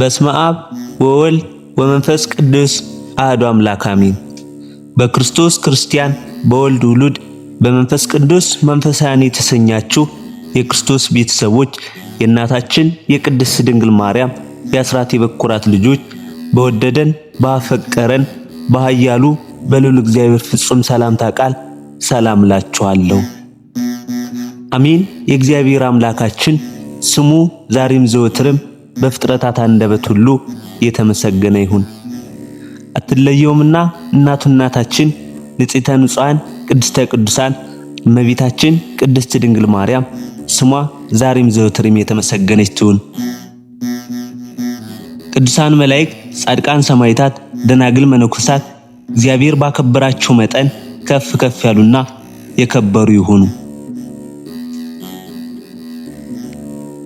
በስመ አብ ወወልድ ወመንፈስ ቅዱስ አህዶ አምላክ አሚን። በክርስቶስ ክርስቲያን በወልድ ውሉድ በመንፈስ ቅዱስ መንፈሳውያን የተሰኛችሁ የክርስቶስ ቤተሰቦች የእናታችን የቅድስት ድንግል ማርያም የአስራት የበኩራት ልጆች በወደደን ባፈቀረን በኃያሉ በልዑል እግዚአብሔር ፍጹም ሰላምታ ቃል ሰላም ላችኋለሁ። አሚን። የእግዚአብሔር አምላካችን ስሙ ዛሬም ዘወትርም በፍጥረታት አንደበት ሁሉ የተመሰገነ ይሁን። አትለየውምና እናቱ እናታችን ንጽሕተ ንጹሐን ቅድስተ ቅዱሳን እመቤታችን ቅድስት ድንግል ማርያም ስሟ ዛሬም ዘወትርም የተመሰገነች ትሁን። ቅዱሳን መላእክት፣ ጻድቃን፣ ሰማዕታት፣ ደናግል፣ መነኮሳት እግዚአብሔር ባከበራቸው መጠን ከፍ ከፍ ያሉና የከበሩ ይሁኑ።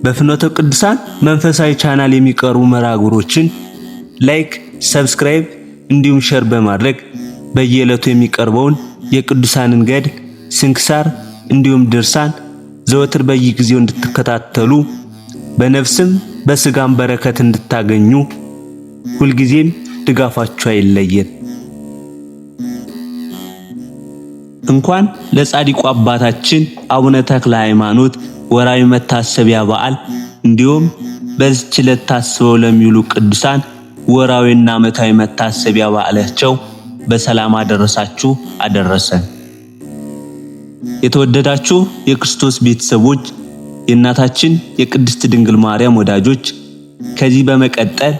በፍኖተ ቅዱሳን መንፈሳዊ ቻናል የሚቀርቡ መራግብሮችን ላይክ፣ ሰብስክራይብ እንዲሁም ሸር በማድረግ በየዕለቱ የሚቀርበውን የቅዱሳንን ገድ ስንክሳር እንዲሁም ድርሳን ዘወትር በየጊዜው እንድትከታተሉ በነፍስም በስጋም በረከት እንድታገኙ ሁልጊዜም ድጋፋችሁ አይለየን። እንኳን ለጻድቁ አባታችን አቡነ ተክለ ሃይማኖት ወራዊ መታሰቢያ በዓል እንዲሁም በዚች ዕለት ታስበው ለሚውሉ ቅዱሳን ወራዊና ዓመታዊ መታሰቢያ በዓላቸው በሰላም አደረሳችሁ አደረሰን። የተወደዳችሁ የክርስቶስ ቤተሰቦች፣ የእናታችን የቅድስት ድንግል ማርያም ወዳጆች፣ ከዚህ በመቀጠል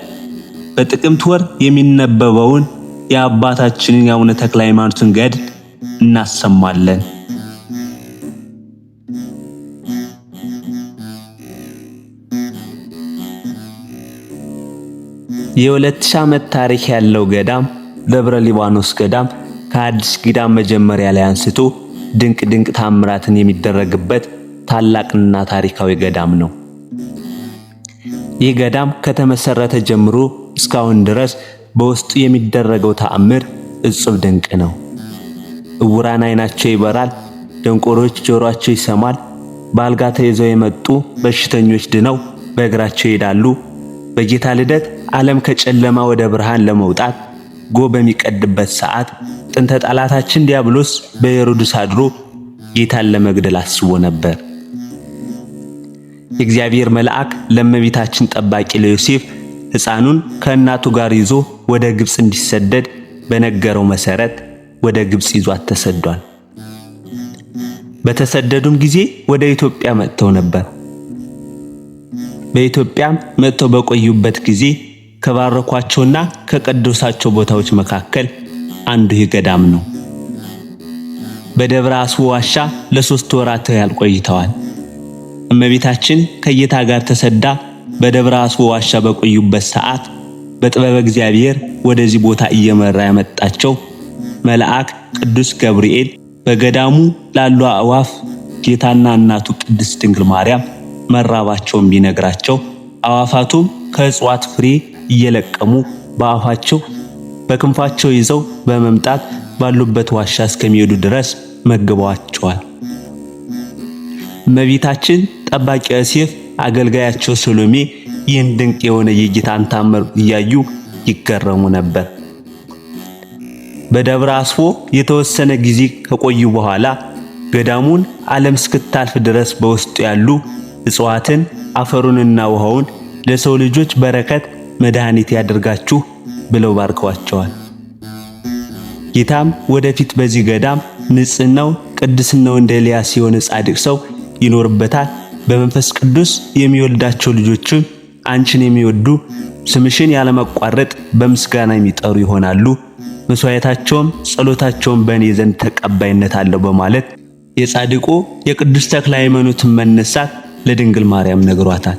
በጥቅምት ወር የሚነበበውን የአባታችንን የአቡነ ተክለ ሃይማኖትን ገድል እናሰማለን። የሁለት ሺህ ዓመት ታሪክ ያለው ገዳም ደብረ ሊባኖስ ገዳም ከአዲስ ኪዳን መጀመሪያ ላይ አንስቶ ድንቅ ድንቅ ታምራትን የሚደረግበት ታላቅና ታሪካዊ ገዳም ነው። ይህ ገዳም ከተመሰረተ ጀምሮ እስካሁን ድረስ በውስጡ የሚደረገው ተአምር እጹብ ድንቅ ነው። እውራን አይናቸው ይበራል፣ ደንቆሮች ጆሮአቸው ይሰማል፣ በአልጋ ተይዘው የመጡ በሽተኞች ድነው በእግራቸው ይሄዳሉ። በጌታ ልደት ዓለም ከጨለማ ወደ ብርሃን ለመውጣት ጎ በሚቀድበት ሰዓት ጥንተ ጠላታችን ዲያብሎስ በሄሮድስ አድሮ ጌታን ለመግደል አስቦ ነበር። የእግዚአብሔር መልአክ ለእመቤታችን ጠባቂ ለዮሴፍ ሕፃኑን ከእናቱ ጋር ይዞ ወደ ግብፅ እንዲሰደድ በነገረው መሰረት ወደ ግብፅ ይዟት ተሰዷል። በተሰደዱም ጊዜ ወደ ኢትዮጵያ መጥተው ነበር። በኢትዮጵያም መጥተው በቆዩበት ጊዜ ከባረኳቸውና ከቀደሳቸው ቦታዎች መካከል አንዱ ይህ ገዳም ነው። በደብረ አስቦ ዋሻ ለሶስት ወራት ያህል ቆይተዋል። እመቤታችን ከጌታ ጋር ተሰዳ በደብረ አስቦ ዋሻ በቆዩበት ሰዓት በጥበብ እግዚአብሔር ወደዚህ ቦታ እየመራ ያመጣቸው መልአክ ቅዱስ ገብርኤል በገዳሙ ላሉ አእዋፍ ጌታና እናቱ ቅድስት ድንግል ማርያም መራባቸውን ቢነግራቸው አዋፋቱም ከእጽዋት ፍሬ እየለቀሙ በአፋቸው በክንፋቸው ይዘው በመምጣት ባሉበት ዋሻ እስከሚሄዱ ድረስ መግበዋቸዋል። እመቤታችን ጠባቂ ዮሴፍ፣ አገልጋያቸው ሰሎሜ ይህን ድንቅ የሆነ የጌታን ታምር እያዩ ይገረሙ ነበር። በደብረ አስፎ የተወሰነ ጊዜ ከቆዩ በኋላ ገዳሙን ዓለም እስክታልፍ ድረስ በውስጡ ያሉ እጽዋትን አፈሩንና ውሃውን ለሰው ልጆች በረከት መድኃኒት ያደርጋችሁ ብለው ባርከዋቸዋል። ጌታም ወደፊት በዚህ ገዳም ንጽህናው፣ ቅድስናው እንደ ኤልያስ የሆነ ጻድቅ ሰው ይኖርበታል። በመንፈስ ቅዱስ የሚወልዳቸው ልጆችም አንቺን የሚወዱ ስምሽን ያለማቋረጥ በምስጋና የሚጠሩ ይሆናሉ። መስዋዕታቸውም ጸሎታቸውም በእኔ ዘንድ ተቀባይነት አለው በማለት የጻድቁ የቅዱስ ተክለ ሃይማኖትን መነሳት ለድንግል ማርያም ነግሯታል።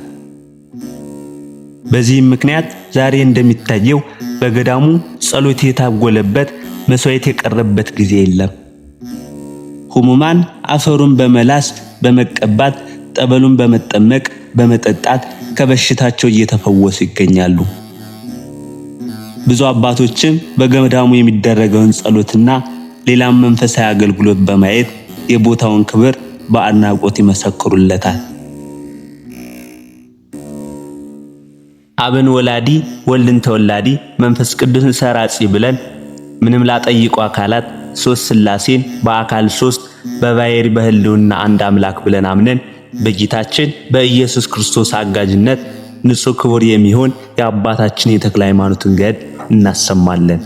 በዚህም ምክንያት ዛሬ እንደሚታየው በገዳሙ ጸሎት የታጎለበት መስዋዕት የቀረበት ጊዜ የለም። ሕሙማን አፈሩን በመላስ በመቀባት ጠበሉን በመጠመቅ በመጠጣት ከበሽታቸው እየተፈወሱ ይገኛሉ። ብዙ አባቶችም በገዳሙ የሚደረገውን ጸሎትና ሌላም መንፈሳዊ አገልግሎት በማየት የቦታውን ክብር በአድናቆት ይመሰክሩለታል። አብን ወላዲ ወልድን ተወላዲ መንፈስ ቅዱስን ሰራጺ ብለን ምንም ላጠይቁ አካላት ሶስት ስላሴን በአካል ሶስት በባሕርይ በህልውና አንድ አምላክ ብለን አምነን በጌታችን በኢየሱስ ክርስቶስ አጋዥነት ንጹሕ ክቡር የሚሆን የአባታችን የተክለ ሃይማኖትን ገድ እናሰማለን።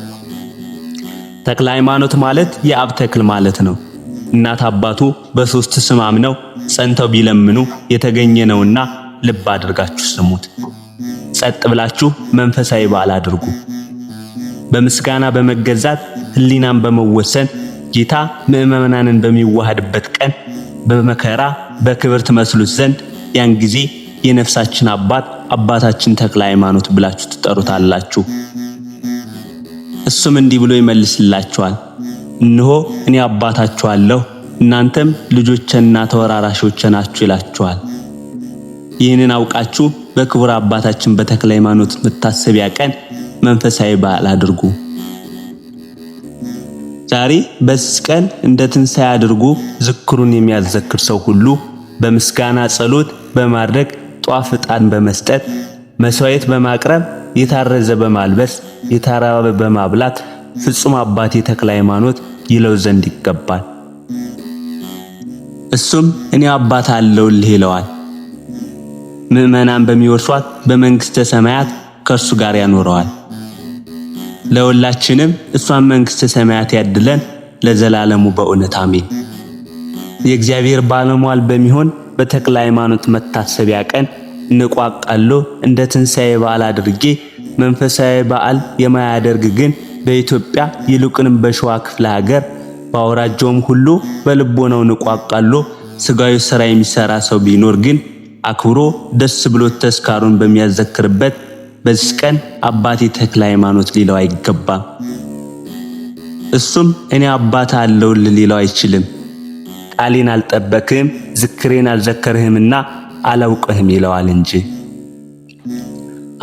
ተክለ ሃይማኖት ማለት የአብ ተክል ማለት ነው። እናት አባቱ በሶስት ስም አምነው ጸንተው ቢለምኑ የተገኘ ነውና ልብ አድርጋችሁ ስሙት። ጸጥ ብላችሁ መንፈሳዊ በዓል አድርጉ። በምስጋና በመገዛት ህሊናን በመወሰን ጌታ ምእመናንን በሚዋሃድበት ቀን በመከራ በክብር ትመስሉት ዘንድ ያን ጊዜ የነፍሳችን አባት አባታችን ተክለ ሃይማኖት ብላችሁ ትጠሩታላችሁ። እሱም እንዲህ ብሎ ይመልስላችኋል፣ እነሆ እኔ አባታችኋለሁ እናንተም ልጆቼና ተወራራሾቼ ናችሁ ይላችኋል። ይህንን አውቃችሁ በክቡር አባታችን በተክለ ሃይማኖት መታሰቢያ ቀን መንፈሳዊ በዓል አድርጉ። ዛሬ በዚህ ቀን እንደ ትንሣኤ ዝክሩን የሚያዘክር ሰው ሁሉ በምስጋና ጸሎት በማድረግ ጧፍ ዕጣን በመስጠት መስዋዕት በማቅረብ የታረዘ በማልበስ የታራበ በማብላት ፍጹም አባት የተክለ ሃይማኖት ይለው ዘንድ ይገባል። እሱም እኔ አባት አለውልህ ይለዋል። ምዕመናን በሚወርሷት በመንግሥተ ሰማያት ከእርሱ ጋር ያኖረዋል። ለሁላችንም እሷን መንግሥተ ሰማያት ያድለን ለዘላለሙ በእውነት አሜን። የእግዚአብሔር ባለሟል በሚሆን በተክለ ሃይማኖት መታሰቢያ ቀን እንቋቃሎ እንደ ትንሣኤ በዓል አድርጌ መንፈሳዊ በዓል የማያደርግ ግን በኢትዮጵያ ይልቁንም በሸዋ ክፍለ ሀገር በአውራጃውም ሁሉ በልቦናው ንቋቃሎ ስጋዊ ሥራ የሚሠራ ሰው ቢኖር ግን አክብሮ ደስ ብሎት ተስካሩን በሚያዘክርበት በዚህ ቀን አባቴ ተክለ ሃይማኖት ሊለው አይገባም። እሱም እኔ አባት አለውል ሊለው አይችልም። ቃሌን አልጠበክህም፣ ዝክሬን አልዘከርህምና አላውቅህም ይለዋል እንጂ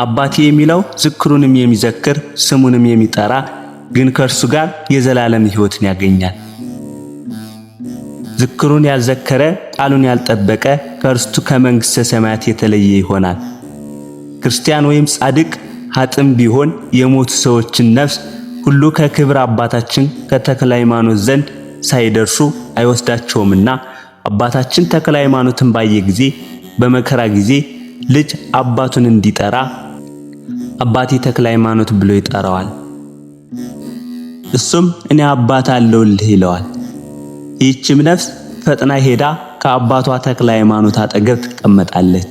አባቴ የሚለው ዝክሩንም የሚዘክር ስሙንም የሚጠራ ግን ከእርሱ ጋር የዘላለም ሕይወትን ያገኛል። ዝክሩን ያልዘከረ ቃሉን ያልጠበቀ ከርስቱ ከመንግሥተ ሰማያት የተለየ ይሆናል። ክርስቲያን ወይም ጻድቅ ሀጥም ቢሆን የሞቱ ሰዎችን ነፍስ ሁሉ ከክብር አባታችን ከተክለ ሃይማኖት ዘንድ ሳይደርሱ አይወስዳቸውምና አባታችን ተክለ ሃይማኖትን ባየ ጊዜ በመከራ ጊዜ ልጅ አባቱን እንዲጠራ አባቴ ተክለ ሃይማኖት ብሎ ይጠራዋል። እሱም እኔ አባት አለውልህ ይለዋል። ይህችም ነፍስ ፈጥና ሄዳ ከአባቷ ተክለ ሃይማኖት አጠገብ ትቀመጣለች።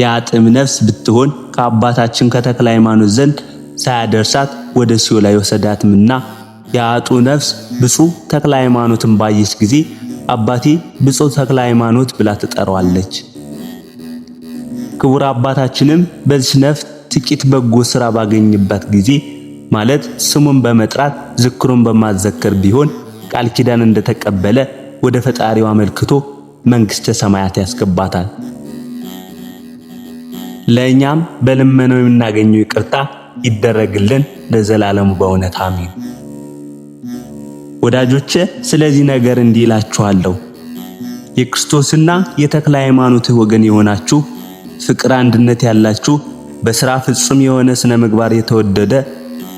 የአጥም ነፍስ ብትሆን ከአባታችን ከተክለ ሃይማኖት ዘንድ ሳያደርሳት ወደ ሲኦል አይወሰዳትምና የአጡ ነፍስ ብፁዕ ተክለ ሃይማኖትን ባየች ጊዜ አባቴ ብፁዕ ተክለ ሃይማኖት ብላ ትጠራዋለች። ክቡር አባታችንም በዚህ ነፍስ ጥቂት በጎ ስራ ባገኝባት ጊዜ ማለት ስሙን በመጥራት ዝክሩን በማዘከር ቢሆን ቃል ኪዳን እንደተቀበለ ወደ ፈጣሪው አመልክቶ መንግስተ ሰማያት ያስገባታል። ለእኛም በልመነው የምናገኘው ይቅርታ ይደረግልን ለዘላለሙ በእውነት አሜን። ወዳጆቼ ስለዚህ ነገር እንዲህ እላችኋለሁ፣ የክርስቶስና የተክለ ሃይማኖት ወገን የሆናችሁ ፍቅር፣ አንድነት ያላችሁ በሥራ ፍጹም የሆነ ስነ ምግባር የተወደደ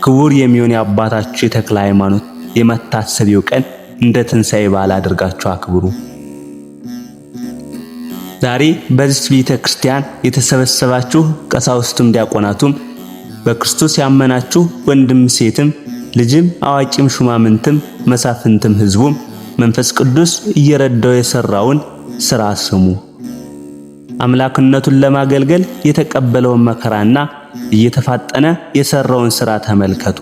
ክቡር የሚሆን የአባታችሁ የተክለ ሃይማኖት የመታሰቢያው ቀን እንደ ትንሣኤ በዓል አድርጋችሁ አክብሩ። ዛሬ በዚህ ቤተ ክርስቲያን የተሰበሰባችሁ ቀሳውስቱም ዲያቆናቱም በክርስቶስ ያመናችሁ ወንድም ሴትም ልጅም አዋቂም ሹማምንትም መሳፍንትም ሕዝቡም መንፈስ ቅዱስ እየረዳው የሰራውን ሥራ ስሙ። አምላክነቱን ለማገልገል የተቀበለውን መከራና እየተፋጠነ የሰራውን ሥራ ተመልከቱ።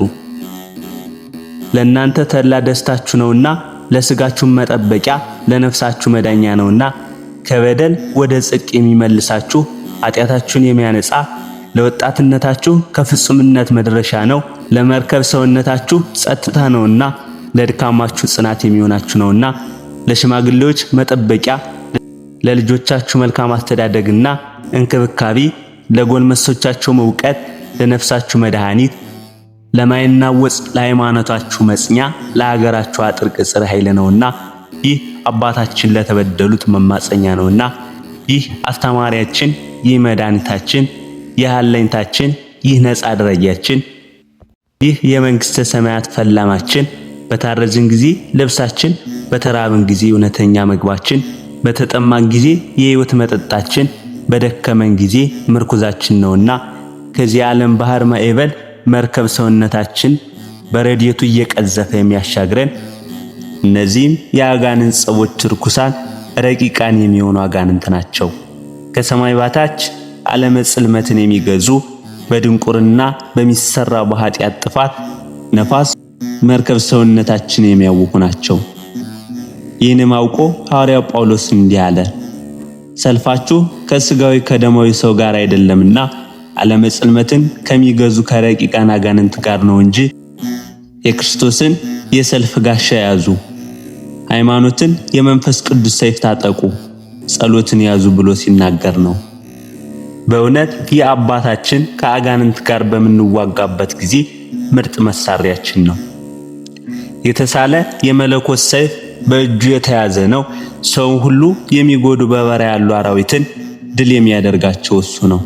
ለእናንተ ተድላ ደስታችሁ ነውና ለስጋችሁም መጠበቂያ ለነፍሳችሁ መዳኛ ነውና ከበደል ወደ ጽድቅ የሚመልሳችሁ ኃጢአታችሁን የሚያነጻ ለወጣትነታችሁ ከፍጹምነት መድረሻ ነው። ለመርከብ ሰውነታችሁ ጸጥታ ነውና ለድካማችሁ ጽናት የሚሆናችሁ ነውና ለሽማግሌዎች መጠበቂያ ለልጆቻችሁ መልካም አስተዳደግና እንክብካቤ፣ ለጎልመሶቻችሁ እውቀት፣ ለነፍሳችሁ መድኃኒት ለማይናወጽ ለሃይማኖታችሁ መጽኛ ለሀገራችሁ አጥር ቅጽር ኃይል ነውና ይህ አባታችን ለተበደሉት መማጸኛ ነውና ይህ አስተማሪያችን ይህ መድኃኒታችን ይህ አለኝታችን ይህ ነጻ ደረጃችን ይህ የመንግሥተ ሰማያት ፈላማችን በታረዝን ጊዜ ልብሳችን በተራብን ጊዜ እውነተኛ ምግባችን በተጠማን ጊዜ የሕይወት መጠጣችን በደከመን ጊዜ ምርኩዛችን ነውና ከዚህ ዓለም ባህር ማዕበል መርከብ ሰውነታችን በረድኤቱ እየቀዘፈ የሚያሻግረን እነዚህም የአጋንንት ጸቦች ርኩሳን ረቂቃን የሚሆኑ አጋንንት ናቸው። ከሰማይ ባታች ዓለመ ጽልመትን የሚገዙ በድንቁርና በሚሰራ በኃጢአት ጥፋት ነፋስ መርከብ ሰውነታችን የሚያውኩ ናቸው። ይህንም አውቆ ሐዋርያው ጳውሎስ እንዲህ አለ፣ ሰልፋችሁ ከሥጋዊ ከደማዊ ሰው ጋር አይደለምና አለመጽልመትን ከሚገዙ ከረቂቃን አጋንንት ጋር ነው እንጂ የክርስቶስን የሰልፍ ጋሻ ያዙ፣ ሃይማኖትን የመንፈስ ቅዱስ ሰይፍ ታጠቁ፣ ጸሎትን ያዙ ብሎ ሲናገር ነው። በእውነት ይህ አባታችን ከአጋንንት ጋር በምንዋጋበት ጊዜ ምርጥ መሳሪያችን ነው። የተሳለ የመለኮት ሰይፍ በእጁ የተያዘ ነው። ሰውን ሁሉ የሚጎዱ በበራ ያሉ አራዊትን ድል የሚያደርጋቸው እሱ ነው።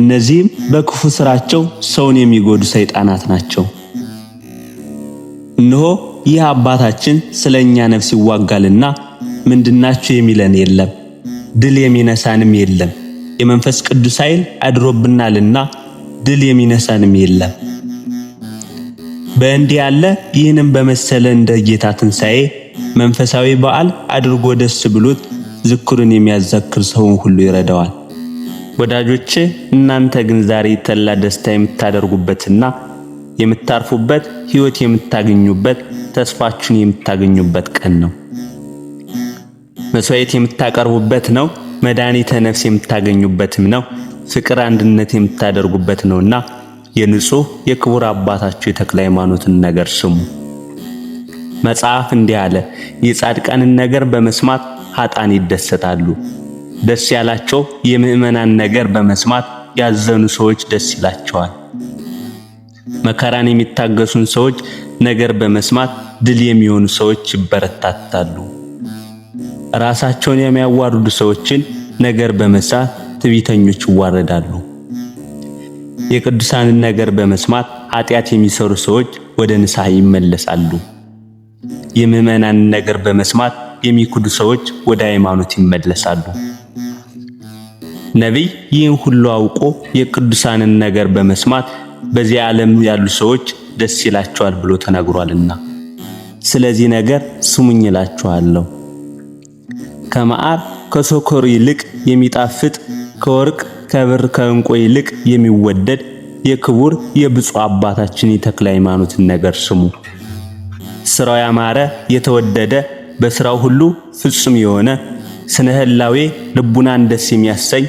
እነዚህም በክፉ ሥራቸው ሰውን የሚጎዱ ሰይጣናት ናቸው። እነሆ ይህ አባታችን ስለ እኛ ነፍስ ይዋጋልና ምንድናችሁ የሚለን የለም፣ ድል የሚነሳንም የለም። የመንፈስ ቅዱስ ኃይል አድሮብናልና ድል የሚነሳንም የለም። በእንዲህ ያለ ይህንም በመሰለ እንደ ጌታ ትንሣኤ መንፈሳዊ በዓል አድርጎ ደስ ብሎት ዝክሩን የሚያዘክር ሰውን ሁሉ ይረዳዋል። ወዳጆቼ እናንተ ግን ዛሬ ተላ ደስታ የምታደርጉበትና የምታርፉበት ህይወት የምታገኙበት ተስፋችሁን የምታገኙበት ቀን ነው። መስዋዕት የምታቀርቡበት ነው። መድኃኒተ ነፍስ የምታገኙበትም ነው። ፍቅር አንድነት የምታደርጉበት ነውና የንጹህ የክቡር አባታችሁ የተክለ ሃይማኖትን ነገር ስሙ። መጽሐፍ እንዲህ አለ፣ የጻድቃንን ነገር በመስማት ኃጣን ይደሰታሉ። ደስ ያላቸው የምዕመናን ነገር በመስማት ያዘኑ ሰዎች ደስ ይላቸዋል። መከራን የሚታገሱን ሰዎች ነገር በመስማት ድል የሚሆኑ ሰዎች ይበረታታሉ። ራሳቸውን የሚያዋርዱ ሰዎችን ነገር በመሳት ትቢተኞች ይዋረዳሉ። የቅዱሳንን ነገር በመስማት ኃጢአት የሚሰሩ ሰዎች ወደ ንስሐ ይመለሳሉ። የምእመናንን ነገር በመስማት የሚክዱ ሰዎች ወደ ሃይማኖት ይመለሳሉ። ነቢይ ይህን ሁሉ አውቆ የቅዱሳንን ነገር በመስማት በዚያ ዓለም ያሉ ሰዎች ደስ ይላቸዋል ብሎ ተናግሯልና ስለዚህ ነገር ስሙኝ እላችኋለሁ። ከመዓር ከሶኮር ይልቅ የሚጣፍጥ ከወርቅ ከብር ከእንቁ ይልቅ የሚወደድ የክቡር የብፁዕ አባታችን የተክለ ሃይማኖትን ነገር ስሙ። ስራው ያማረ የተወደደ በስራው ሁሉ ፍጹም የሆነ ስነ ህላዌ ልቡናን ደስ የሚያሰኝ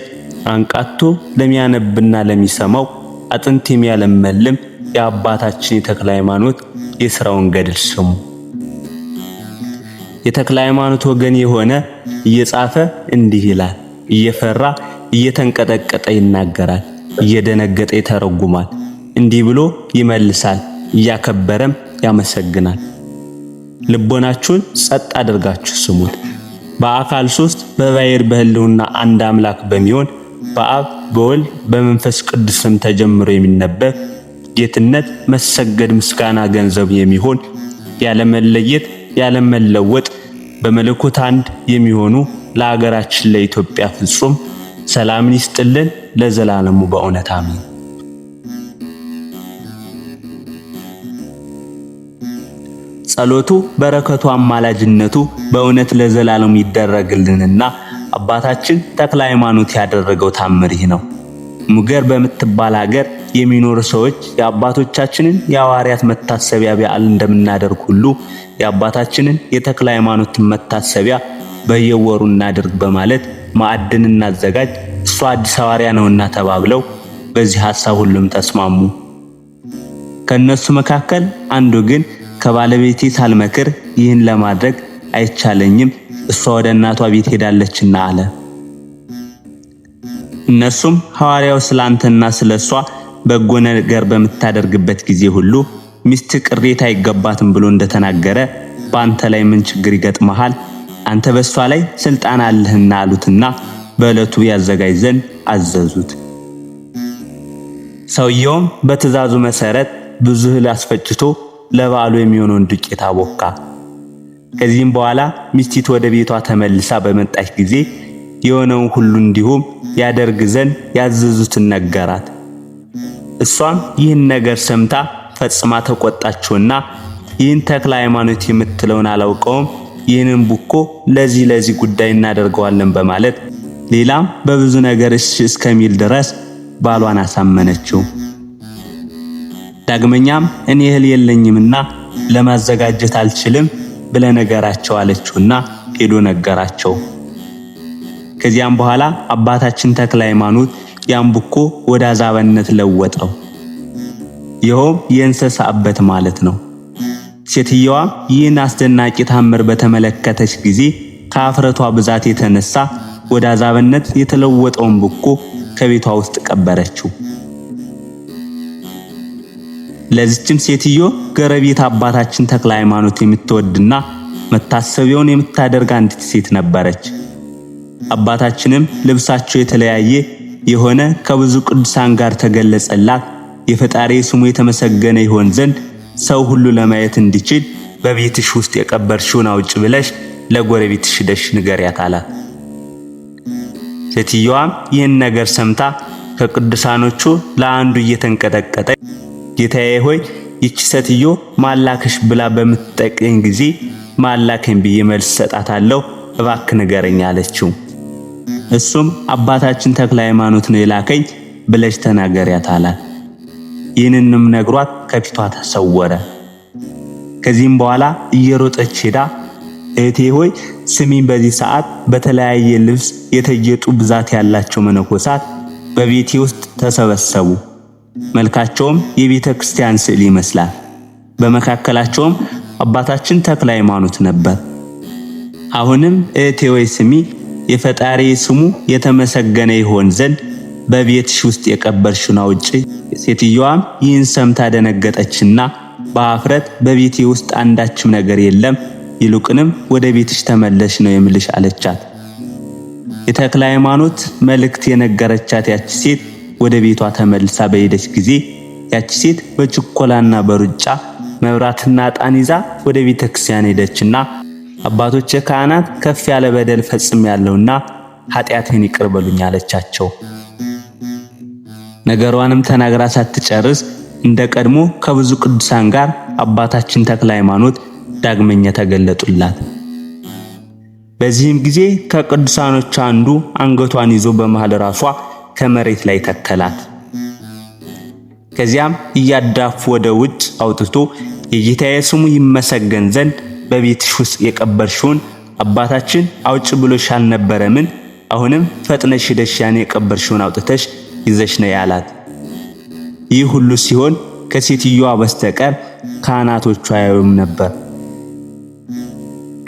አንቃቶ ለሚያነብና ለሚሰማው አጥንት የሚያለመልም የአባታችን የተክለ ሃይማኖት የሥራውን ገድል ስሙ። የተክለ ሃይማኖት ወገን የሆነ እየጻፈ እንዲህ ይላል። እየፈራ እየተንቀጠቀጠ ይናገራል፣ እየደነገጠ ይተረጉማል፣ እንዲህ ብሎ ይመልሳል፣ እያከበረም ያመሰግናል። ልቦናችሁን ጸጥ አድርጋችሁ ስሙት። በአካል ሶስት በባሕርይ በሕልውና አንድ አምላክ በሚሆን በአብ በወልድ በመንፈስ ቅዱስ ስም ተጀምሮ የሚነበብ ጌትነት፣ መሰገድ፣ ምስጋና ገንዘብ የሚሆን ያለመለየት ያለመለወጥ በመለኮት አንድ የሚሆኑ ለሀገራችን ለኢትዮጵያ ፍጹም ሰላምን ይስጥልን ለዘላለሙ በእውነት አሜን። ጸሎቱ በረከቱ አማላጅነቱ በእውነት ለዘላለሙ ይደረግልንና አባታችን ተክለ ሃይማኖት ያደረገው ታምር ይህ ነው። ሙገር በምትባል ሀገር የሚኖሩ ሰዎች የአባቶቻችንን የሐዋርያት መታሰቢያ በዓል እንደምናደርግ ሁሉ የአባታችንን የተክለ ሃይማኖትን መታሰቢያ በየወሩ እናደርግ በማለት ማዕድን እናዘጋጅ፣ እሱ አዲስ ሐዋርያ ነውና ተባብለው በዚህ ሐሳብ ሁሉም ተስማሙ። ከነሱ መካከል አንዱ ግን ከባለቤቴ ሳልመክር ይህን ለማድረግ አይቻለኝም እሷ ወደ እናቷ ቤት ሄዳለችና አለ። እነሱም ሐዋርያው ስለ አንተና ስለ እሷ በጎ ነገር በምታደርግበት ጊዜ ሁሉ ሚስት ቅሬታ አይገባትም ብሎ እንደተናገረ በአንተ ላይ ምን ችግር ይገጥመሃል? አንተ በእሷ ላይ ስልጣን አለህና አሉትና በዕለቱ ያዘጋጅ ዘንድ አዘዙት። ሰውየውም በትእዛዙ መሰረት ብዙ እህል አስፈጭቶ ለበዓሉ የሚሆነውን ዱቄት አቦካ። ከዚህም በኋላ ሚስቲት ወደ ቤቷ ተመልሳ በመጣች ጊዜ የሆነውን ሁሉ እንዲሁም ያደርግ ዘንድ ያዘዙትን ነገራት። እሷም ይህን ነገር ሰምታ ፈጽማ ተቆጣችውና ይህን ተክለ ሃይማኖት የምትለውን አላውቀውም፣ ይህንን ቡኮ ለዚህ ለዚህ ጉዳይ እናደርገዋለን በማለት ሌላም በብዙ ነገር እሺ እስከሚል ድረስ ባሏን አሳመነችው። ዳግመኛም እኔ እህል የለኝምና ለማዘጋጀት አልችልም ብለ ነገራቸው አለችውና ሄዶ ነገራቸው። ከዚያም በኋላ አባታችን ተክለ ሃይማኖት ያን ወደ አዛበነት ለወጠው። ይኸውም የእንስሳ አበት ማለት ነው። ሴትየዋ ይህን አስደናቂ ታምር በተመለከተች ጊዜ ከአፍረቷ ብዛት የተነሳ ወደ አዛበነት የተለወጠውን ብኮ ከቤቷ ውስጥ ቀበረችው። ለዚችም ሴትዮ ጎረቤት አባታችን ተክለ ሃይማኖት የምትወድና መታሰቢያውን የምታደርግ አንዲት ሴት ነበረች። አባታችንም ልብሳቸው የተለያየ የሆነ ከብዙ ቅዱሳን ጋር ተገለጸላት። የፈጣሪ ስሙ የተመሰገነ ይሆን ዘንድ ሰው ሁሉ ለማየት እንዲችል በቤትሽ ውስጥ የቀበርሽውን አውጭ ብለሽ ለጎረቤትሽ ሂደሽ ንገሪያት አላት። ሴትዮዋም ይህን ነገር ሰምታ ከቅዱሳኖቹ ለአንዱ እየተንቀጠቀጠ ጌታዬ ሆይ ይቺ ሴትዮ ማላክሽ ብላ በምትጠቀኝ ጊዜ ማላከኝ ብዬ መልስ ሰጣታለሁ፣ እባክ ንገረኝ አለችው። እሱም አባታችን ተክለ ሃይማኖት ነው የላከኝ ብለሽ ተናገሪያት አላት። ይህንንም ነግሯት ከፊቷ ተሰወረ። ከዚህም በኋላ እየሮጠች ሄዳ እህቴ ሆይ ስሚን፣ በዚህ ሰዓት በተለያየ ልብስ የተጌጡ ብዛት ያላቸው መነኮሳት በቤቴ ውስጥ ተሰበሰቡ መልካቸውም የቤተ ክርስቲያን ስዕል ይመስላል። በመካከላቸውም አባታችን ተክለ ሃይማኖት ነበር። አሁንም እህቴ ወይ ስሚ፣ የፈጣሪ ስሙ የተመሰገነ ይሆን ዘንድ በቤትሽ ውስጥ የቀበርሽውን አውጪ። ሴትየዋም ይህን ሰምታ ደነገጠችና በአፍረት በቤቴ ውስጥ አንዳችም ነገር የለም፣ ይልቁንም ወደ ቤትሽ ተመለሽ ነው የምልሽ አለቻት። የተክለ ሃይማኖት መልእክት የነገረቻት ያች ሴት ወደ ቤቷ ተመልሳ በሄደች ጊዜ ያቺ ሴት በችኮላና በሩጫ መብራትና ዕጣን ይዛ ወደ ቤተ ክርስቲያን ሄደችና አባቶች ካህናት ከፍ ያለ በደል ፈጽም ያለውና ኃጢአቴን ይቅር አለቻቸው። ነገሯንም ተናግራ ሳትጨርስ እንደ ቀድሞ ከብዙ ቅዱሳን ጋር አባታችን ተክለ ሃይማኖት ዳግመኛ ተገለጡላት። በዚህም ጊዜ ከቅዱሳኖች አንዱ አንገቷን ይዞ በመሃል ራሷ ከመሬት ላይ ተከላት። ከዚያም እያዳፉ ወደ ውጭ አውጥቶ የጌታዬ ስሙ ይመሰገን ዘንድ በቤትሽ ውስጥ የቀበርሽውን አባታችን አውጭ ብሎሽ አልነበረምን? አሁንም ፈጥነሽ ሂደሽ ያን የቀበርሽውን አውጥተሽ ይዘሽ ነይ አላት። ይህ ሁሉ ሲሆን ከሴትዮዋ በስተቀር ካህናቶቹ አያዩም ነበር።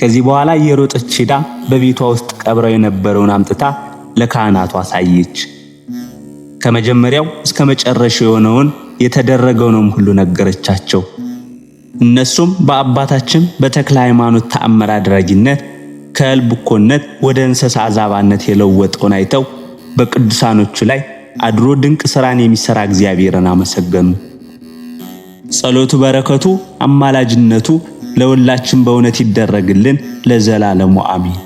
ከዚህ በኋላ የሮጠች ሂዳ በቤቷ ውስጥ ቀብረው የነበረውን አምጥታ ለካህናቱ አሳየች። ከመጀመሪያው እስከ መጨረሻው የሆነውን የተደረገውንም ሁሉ ነገረቻቸው። እነሱም በአባታችን በተክለ ሃይማኖት ተአምር አድራጊነት ከልብ እኮነት ወደ እንስሳ አዛባነት የለወጠውን አይተው በቅዱሳኖቹ ላይ አድሮ ድንቅ ሥራን የሚሠራ እግዚአብሔርን አመሰገኑ። ጸሎቱ፣ በረከቱ፣ አማላጅነቱ ለሁላችን በእውነት ይደረግልን ለዘላለሙ አሚን።